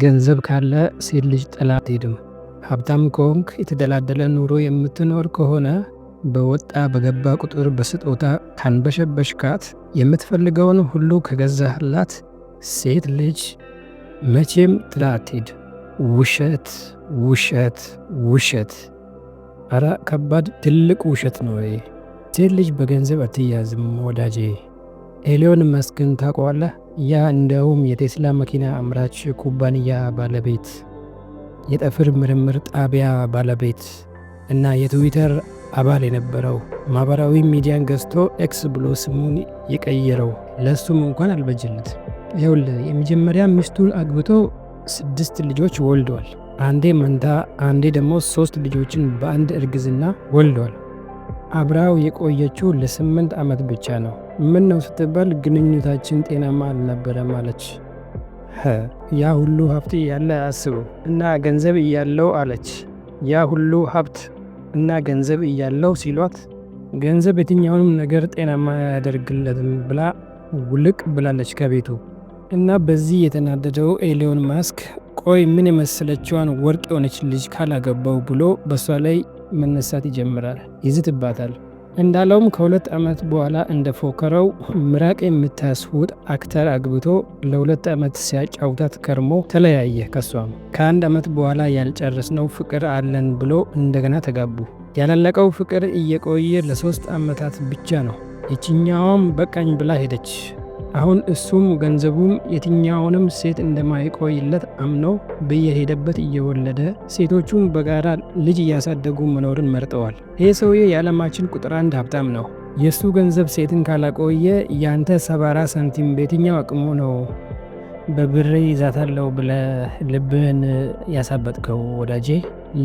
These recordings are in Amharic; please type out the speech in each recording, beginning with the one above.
ገንዘብ ካለ ሴት ልጅ ጥላ አትሄድም። ሀብታም ከሆንክ የተደላደለ ኑሮ የምትኖር ከሆነ በወጣ በገባ ቁጥር በስጦታ ካንበሸበሽካት፣ የምትፈልገውን ሁሉ ከገዛህላት ሴት ልጅ መቼም ጥላ አትሄድ። ውሸት ውሸት ውሸት! አረ ከባድ ትልቅ ውሸት ነው። ሴት ልጅ በገንዘብ አትያዝም ወዳጄ። ኤሊዮን መስክን ታውቀዋለህ? ያ እንደውም የቴስላ መኪና አምራች ኩባንያ ባለቤት፣ የጠፍር ምርምር ጣቢያ ባለቤት እና የትዊተር አባል የነበረው ማህበራዊ ሚዲያን ገዝቶ ኤክስ ብሎ ስሙን የቀየረው ለእሱም እንኳን አልበጀለት። ይውል የመጀመሪያ ሚስቱን አግብቶ ስድስት ልጆች ወልደዋል። አንዴ መንታ፣ አንዴ ደግሞ ሶስት ልጆችን በአንድ እርግዝና ወልደዋል። አብራው የቆየችው ለስምንት ዓመት ብቻ ነው። ምን ነው ስትባል ግንኙነታችን ጤናማ አልነበረም ማለች። ያ ሁሉ ሀብት እያለ አስበው እና ገንዘብ እያለው አለች። ያ ሁሉ ሀብት እና ገንዘብ እያለው ሲሏት ገንዘብ የትኛውንም ነገር ጤናማ ያደርግለትም ብላ ውልቅ ብላለች ከቤቱ እና በዚህ የተናደደው ኤሊዮን ማስክ ቆይ ምን የመሰለችዋን ወርቅ የሆነች ልጅ ካላገባው ብሎ በእሷ ላይ መነሳት ይጀምራል። ይዝትባታል። እንዳለውም ከሁለት ዓመት በኋላ እንደፎከረው ምራቅ የምታስውጥ አክተር አግብቶ ለሁለት ዓመት ሲያጫውታት ከርሞ ተለያየ ከሷም። ከአንድ ዓመት በኋላ ያልጨረስነው ፍቅር አለን ብሎ እንደገና ተጋቡ። ያላለቀው ፍቅር እየቆየ ለሶስት ዓመታት ብቻ ነው። ይችኛዋም በቃኝ ብላ ሄደች። አሁን እሱም ገንዘቡም የትኛውንም ሴት እንደማይቆይለት አምኖ በየሄደበት እየወለደ ሴቶቹም በጋራ ልጅ እያሳደጉ መኖርን መርጠዋል። ይህ ሰውዬ የዓለማችን ቁጥር አንድ ሀብታም ነው። የእሱ ገንዘብ ሴትን ካላቆየ ያንተ 74 ሳንቲም በየትኛው አቅሙ ነው በብር ይዛታለው ብለ ልብህን ያሳበጥከው ወዳጄ።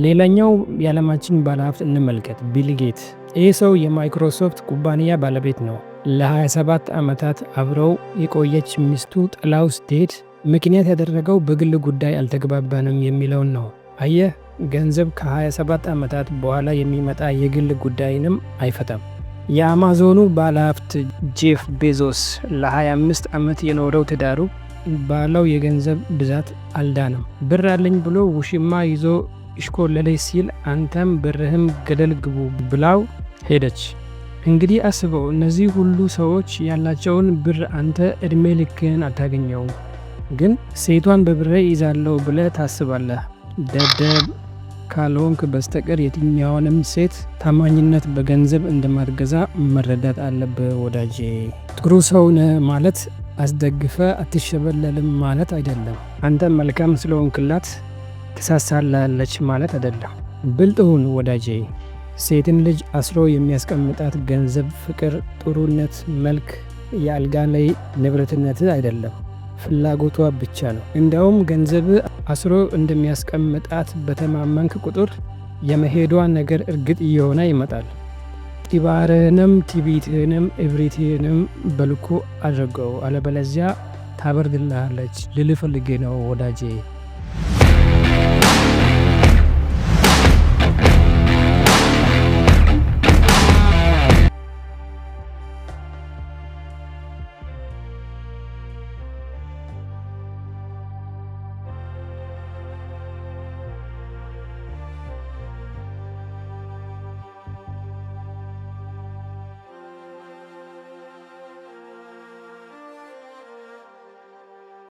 ሌላኛው የዓለማችን ባለሀብት እንመልከት፣ ቢል ጌት። ይህ ሰው የማይክሮሶፍት ኩባንያ ባለቤት ነው። ለ27 ዓመታት አብረው የቆየች ሚስቱ ጥላው ስትሄድ ምክንያት ያደረገው በግል ጉዳይ አልተግባባንም የሚለውን ነው። አየህ፣ ገንዘብ ከ27 ዓመታት በኋላ የሚመጣ የግል ጉዳይንም አይፈታም። የአማዞኑ ባለሀብት ጄፍ ቤዞስ ለ25 ዓመት የኖረው ትዳሩ ባለው የገንዘብ ብዛት አልዳንም። ብር አለኝ ብሎ ውሽማ ይዞ እሽኮለለች ሲል አንተም ብርህም ገደል ግቡ ብላው ሄደች። እንግዲህ አስበው እነዚህ ሁሉ ሰዎች ያላቸውን ብር አንተ እድሜ ልክን አታገኘው። ግን ሴቷን በብሬ ይዛለው ብለ ታስባለህ። ደደብ ካልሆንክ በስተቀር የትኛውንም ሴት ታማኝነት በገንዘብ እንደማትገዛ መረዳት አለብህ ወዳጄ። ጥሩ ሰው ነህ ማለት አስደግፈ አትሸበለልም ማለት አይደለም። አንተ መልካም ስለሆንክላት ትሳሳላለች ማለት አይደለም። ብልጥ ሁን ወዳጄ። ሴትን ልጅ አስሮ የሚያስቀምጣት ገንዘብ፣ ፍቅር፣ ጥሩነት፣ መልክ የአልጋ ላይ ንብረትነት አይደለም፣ ፍላጎቷ ብቻ ነው። እንዲያውም ገንዘብ አስሮ እንደሚያስቀምጣት በተማመንክ ቁጥር የመሄዷ ነገር እርግጥ እየሆነ ይመጣል። ጢባርህንም ትዕቢትህንም እብሪትህንም በልኩ አድርገው፣ አለበለዚያ ታበርድልሃለች። ልልፈልጌ ነው ወዳጄ።